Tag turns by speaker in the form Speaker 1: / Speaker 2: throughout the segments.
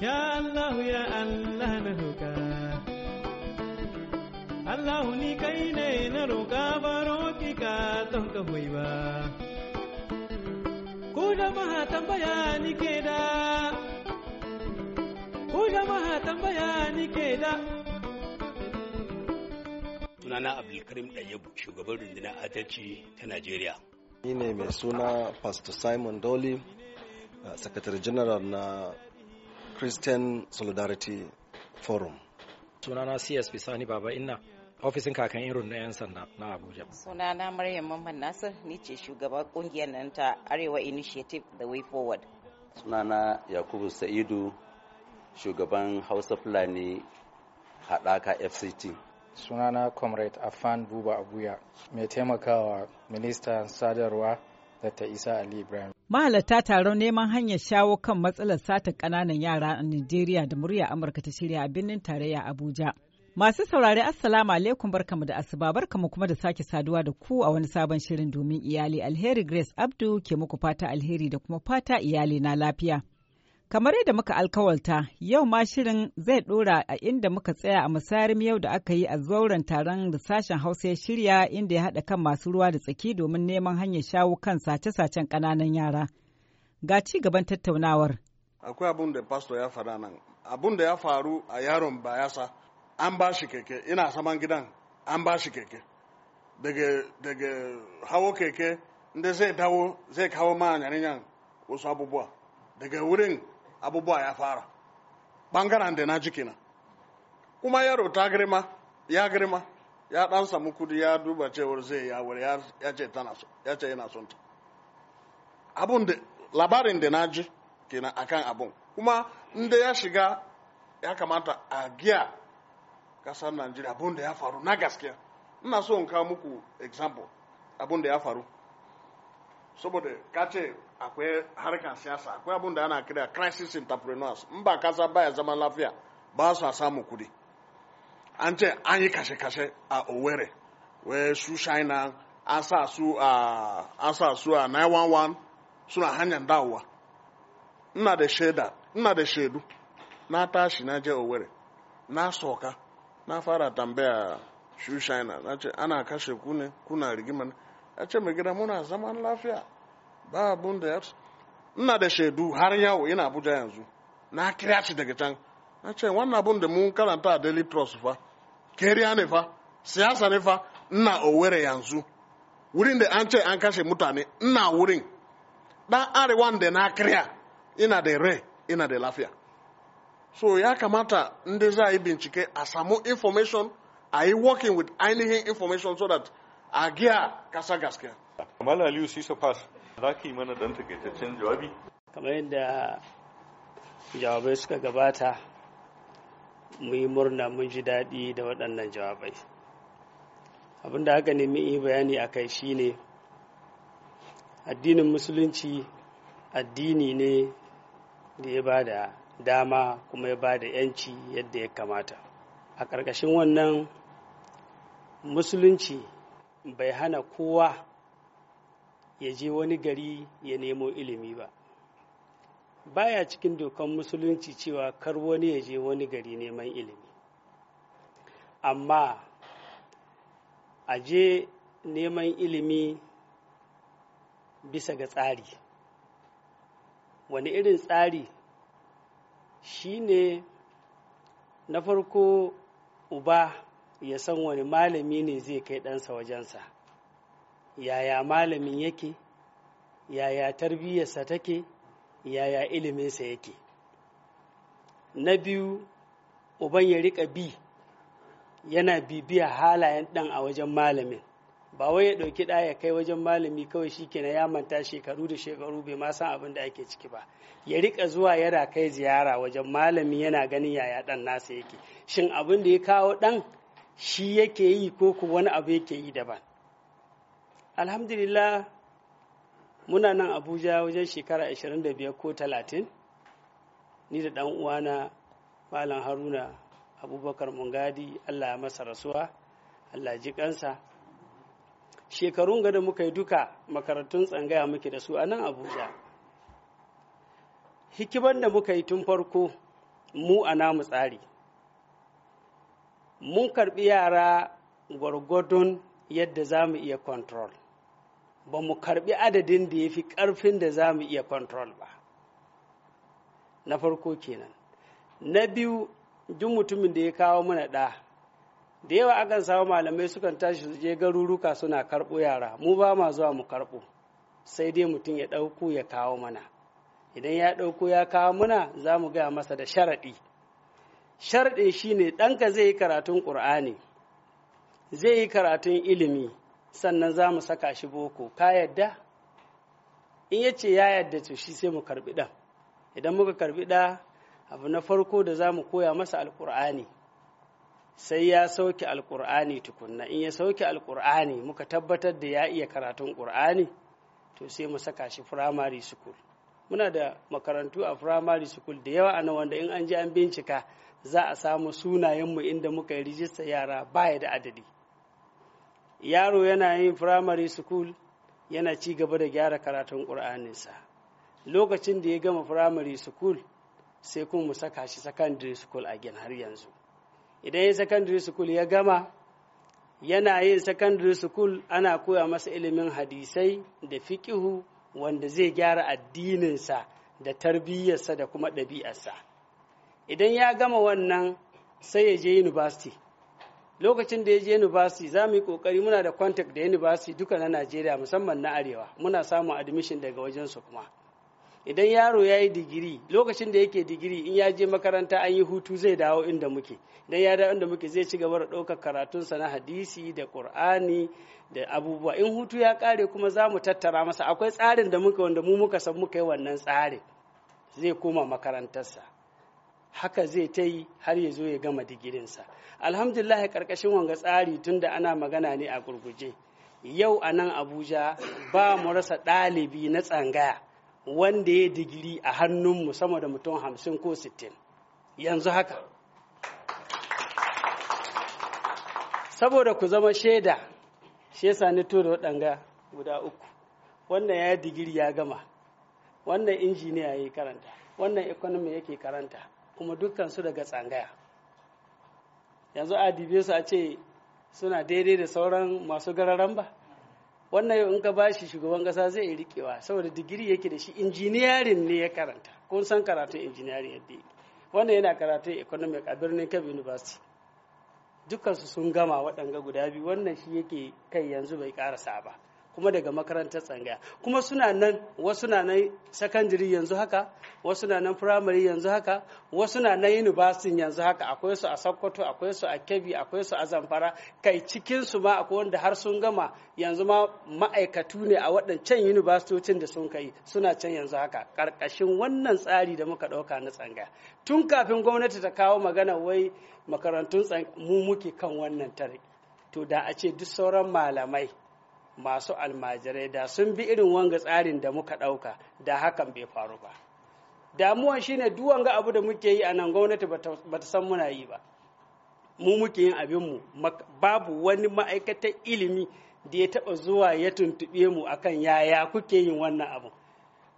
Speaker 1: Ya Allah ya Allah na roƙa Allah ni kai ne na roƙa baro ki ka don ka hoyi ba
Speaker 2: Ku jama'a tambaya ni ke da Ku jama'a tambaya ni ke da
Speaker 1: Sunana Abdulkarim Ɗayyabu shugaban rundunar adalci ta Najeriya
Speaker 2: Ni ne mai
Speaker 3: suna Pastor Simon Dolly uh, Sakatare General na
Speaker 1: Christian Solidarity Forum. Sunana CS Bisani Baba Inna, ofisin kakan irin na 'yan sanda na Abuja.
Speaker 2: Sunana Maryam Mamman Nasir, ni ce shugaban kungiyar nan ta Arewa Initiative The Way Forward.
Speaker 1: Sunana Yakubu Sa'idu, shugaban Hausa Fulani Haɗaka FCT. Sunana Comrade Afan Buba Abuya, mai taimakawa ministan sadarwa Dr. Isa Ali Ibrahim.
Speaker 2: mahalarta taron neman hanyar shawo kan matsalar sata ƙananan yara a Najeriya da murya Amurka ta shirya a birnin tarayya Abuja. Masu saurari Assalamu alaikum barkamu da asuba barkamu kuma da sake saduwa da ku a wani sabon shirin domin iyali alheri Grace Abdu ke muku fata alheri da kuma fata iyali na lafiya. Kamar yadda muka alkawalta, yau ma shirin zai ɗora a inda muka tsaya a musarim yau da aka yi a zauren taron da sashen Hausa ya shirya inda ya haɗa kan masu ruwa da tsaki domin neman hanyar shawo kan sace-sacen ƙananan yara. Ga ci gaban tattaunawar.
Speaker 3: Akwai abun da pastor ya faɗa nan. Abun da ya faru a yaron bayasa, an ba shi keke, ina saman gidan, an ba shi keke. Daga, daga hawo keke, inda zai dawo, zai kawo ma wasu abubuwa. Daga wurin abubuwa ya fara ɓangaren da na ji kenan kuma yaro ta girma ya girma ya dan samu kudi ya duba cewar zai ya wuri ya ce tana so ya ce yana son ta abun da labarin da na ji kenan akan abun kuma inda ya shiga ya kamata a giya kasar Najeriya abun da ya faru na gaskiya ina so in kawo muku example abun da ya faru saboda ka ce akwai harkar siyasa akwai abin da ana kira crisis entrepreneurs in ba kasa baya zaman lafiya ba su samu kudi an ce an yi kashe-kashe a owerri wai su china an sa su a 911 suna hanyar dawowa ina da shaida ina da shaidu na tashi na je owerri na soka na fara tambaya su china na ce ana kashe ku ne kuna rigima ne ya ce mai gida muna zaman lafiya ba abun da ya ina da shaidu har yawo ina abuja yanzu na kira daga can na ce wannan abun da mun a daily trust fa keriya ne fa siyasa ne owere yanzu wurin da an ce an kashe na ina da ina da lafiya so ya kamata ndị za a yi bincike a samu information a yi working with so that a giya
Speaker 1: kasa gaskiya Kamal Aliyu Sisafas
Speaker 3: za ka yi mana ɗan takaitaccen jawabi?
Speaker 1: Kamar yadda jawabai suka gabata mu yi murna mun ji daɗi da waɗannan jawabai. Abin da aka nemi yi bayani a kai shi ne addinin musulunci addini ne da ya ba da dama kuma ya ba da yanci yadda ya kamata. A ƙarƙashin wannan musulunci bai hana kowa ya je wani gari ya nemo ilimi ba baya cikin dokan musulunci cewa kar wani ya je wani gari neman ilimi amma a je neman ilimi bisa ga tsari wani irin tsari shine na farko uba ya san wani malami ne zai kai ɗansa wajensa yaya malamin yake yaya tarbiyyarsa take yaya iliminsa yake na biyu uban ya rika bi yana bibiya halayen ɗan a wajen malamin ba wai ya ɗauki ɗaya ya kai wajen malami kawai shi kenan ya manta shekaru da shekaru bai ma san abin da ake ciki ba ya rika zuwa yana kai ziyara wajen malami yana ganin yaya ɗan nasa yake shin abin da ya kawo ɗan shi yake yi ko ku wani abu yake yi daban alhamdulillah muna nan abuja wajen shekara 25 ko 30 ni da ɗan uwana malam haruna abubakar mungadi allah masa rasuwa allah ji kansa shekarun gada muka yi duka makarantun tsangaya muke da su a nan abuja hikiman da muka yi tun farko mu a namu tsari mun karbi yara gwargwadon yadda za mu iya control ba mu karbi adadin da ya fi karfin da za mu iya control ba na farko kenan na biyu duk mutumin da ya kawo mana ɗa da yawa akan samu malamai sukan tashi su je garuruka suna karɓo yara mu ba ma zuwa mu karɓo sai dai mutum ya ɗauko ya kawo mana idan ya ɗauko ya kawo mana za mu gaya masa da sharaɗi sharɗe shine ɗanka zai yi karatun ƙur'ani zai yi karatun ilimi sannan za mu saka shi boko ka yadda in ya ce ya yadda to shi sai mu karbi ɗan idan muka karbi ɗa abu na farko da za mu koya masa alƙur'ani sai ya sauke alƙur'ani tukunna in ya sauke alƙur'ani muka tabbatar da ya iya karatun ƙur'ani to sai mu saka shi firamare school muna da makarantu a firamare school da yawa a wanda in an ji an bincika za a samu sunayenmu inda muka yi rijista yara baya da adadi yaro yana yin firamare school yana ci gaba da gyara karatun ƙur'aninsa lokacin da ya gama firamare school sai kuma mu saka shi secondary school a gin har yanzu idan ya secondary school ya gama yana yin secondary school ana koya masa ilimin hadisai da fiƙihu wanda zai gyara addininsa da tarbiyyarsa da kuma ɗabi'arsa idan ya gama wannan sai ya je university lokacin da ya je university za mu yi kokari muna da contact da university duka na najeriya musamman na arewa muna samun admission daga wajen wajensu kuma idan yaro ya yi digiri lokacin da yake digiri in ya je makaranta an yi hutu zai dawo inda muke idan ya dawo inda muke zai ci gaba da ɗaukar sa na hadisi da ƙur'ani da abubuwa in hutu ya kare kuma za mu tattara masa akwai tsarin da muka wanda mu muka san muka yi wannan tsarin zai koma makarantarsa haka zai ta yi har ya zo ya gama digirinsa alhamdulillah karkashin wanga tsari tunda ana magana ne a gurguje yau a nan abuja ba mu rasa ɗalibi na tsangaya wanda ya digiri a hannunmu sama da mutum hamsin ko sittin yanzu haka saboda ku zama shaida shi yasa ni tura waɗanga guda uku wannan ya digiri ya gama wannan injiniya ya yi karanta wannan economy yake karanta kuma dukkansu daga tsangaya yanzu a dibe su a ce suna daidai da sauran masu gararan ba wannan yau in ka ba shi shugaban kasa zai yi rikewa saboda digiri yake da shi injiniyarin ne ya karanta kun san karatun injiniyarin yadda yake wannan yana karatu economic a birnin kebbi university dukkansu sun gama waɗanga guda biyu wannan shi yake kai yanzu bai karasa ba kuma daga makarantar tsangaya kuma suna nan wasu na nan secondary yanzu haka wasu na nan primary yanzu haka wasu na nan university yanzu haka akwai su a Sokoto akwai su a Kebbi akwai su a Zamfara kai cikin su ma akwai wanda har sun gama yanzu ma ma'aikatu ne a waɗancan universitocin da sun kai suna can yanzu haka karkashin wannan tsari da muka ɗauka na tsangaya tun kafin gwamnati ta kawo magana wai makarantun mu muke kan wannan tare to da a ce duk sauran malamai masu almajirai da sun bi irin wanga tsarin da muka ɗauka da hakan bai faru ba damuwan shine duk wanga abu da muke yi a nan gwamnati ba ta san muna yi ba mu muke yin mu babu wani ma'aikatar ilimi da ya taɓa zuwa ya tuntuɓe mu akan yaya kuke yin wannan abu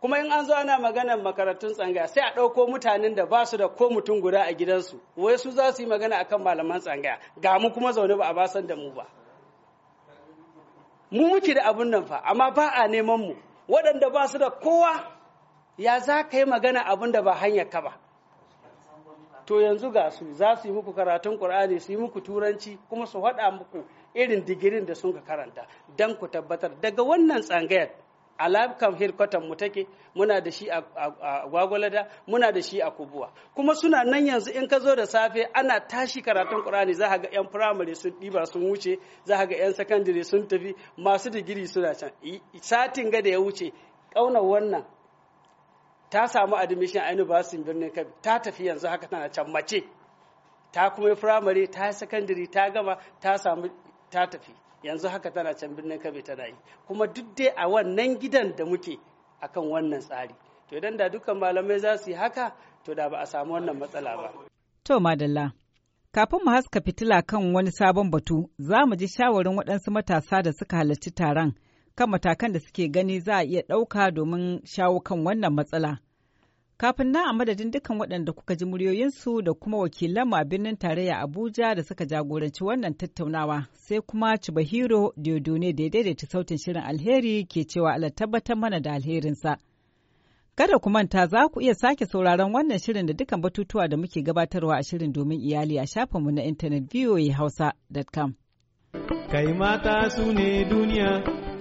Speaker 1: kuma in an zo ana maganar makarantun tsangaya sai a ɗauko mutanen da ba su da ko mutum guda a gidansu wai su za su yi magana akan malaman tsangaya ga mu kuma zaune ba a basan da mu ba mu muke da abun nan fa amma ba a neman mu waɗanda ba su da kowa ya za ka yi magana abun da ba hanyar ka ba to yanzu ga su za su yi muku karatun ƙur'ani su yi muku turanci kuma su haɗa muku irin digirin da sun ka karanta don ku tabbatar daga wannan tsangayar alam kam hirkwatan mu take muna da shi a gwagwalada muna da shi a kubuwa kuma suna nan yanzu in ka zo da safe ana tashi karatun qur'ani za ga yan firamare sun ɗiba sun wuce za ga yan sakandare sun tafi masu digiri suna can satin ga da ya wuce ƙaunar wannan ta samu admission a university birnin kabi ta tafi yanzu haka tana can mace ta kuma firamare ta sakandare ta gama ta samu ta tafi yanzu haka tana can birnin kabe tana yi kuma duk dai a wannan gidan da muke akan wannan tsari to idan da dukkan malamai za su yi haka to da ba a samu wannan matsala
Speaker 2: ba to madalla kafin mu haska fitila kan wani sabon batu za mu ji shawarin waɗansu matasa da suka halarci taron kan matakan da suke gani za a iya ɗauka domin shawo kan wannan matsala Kafin na a madadin dukkan waɗanda kuka ji muryoyinsu da kuma wakilan a birnin tarayya Abuja da suka jagoranci wannan tattaunawa sai kuma Cibahiro Diodone da ya daidaita sautin shirin alheri ke cewa Allah tabbatar mana da alherinsa. Kada ku manta za ku iya sake sauraron wannan shirin da dukkan batutuwa da muke gabatarwa a shirin domin iyali a shafinmu na intanet voahausa.com. Kai mata su ne duniya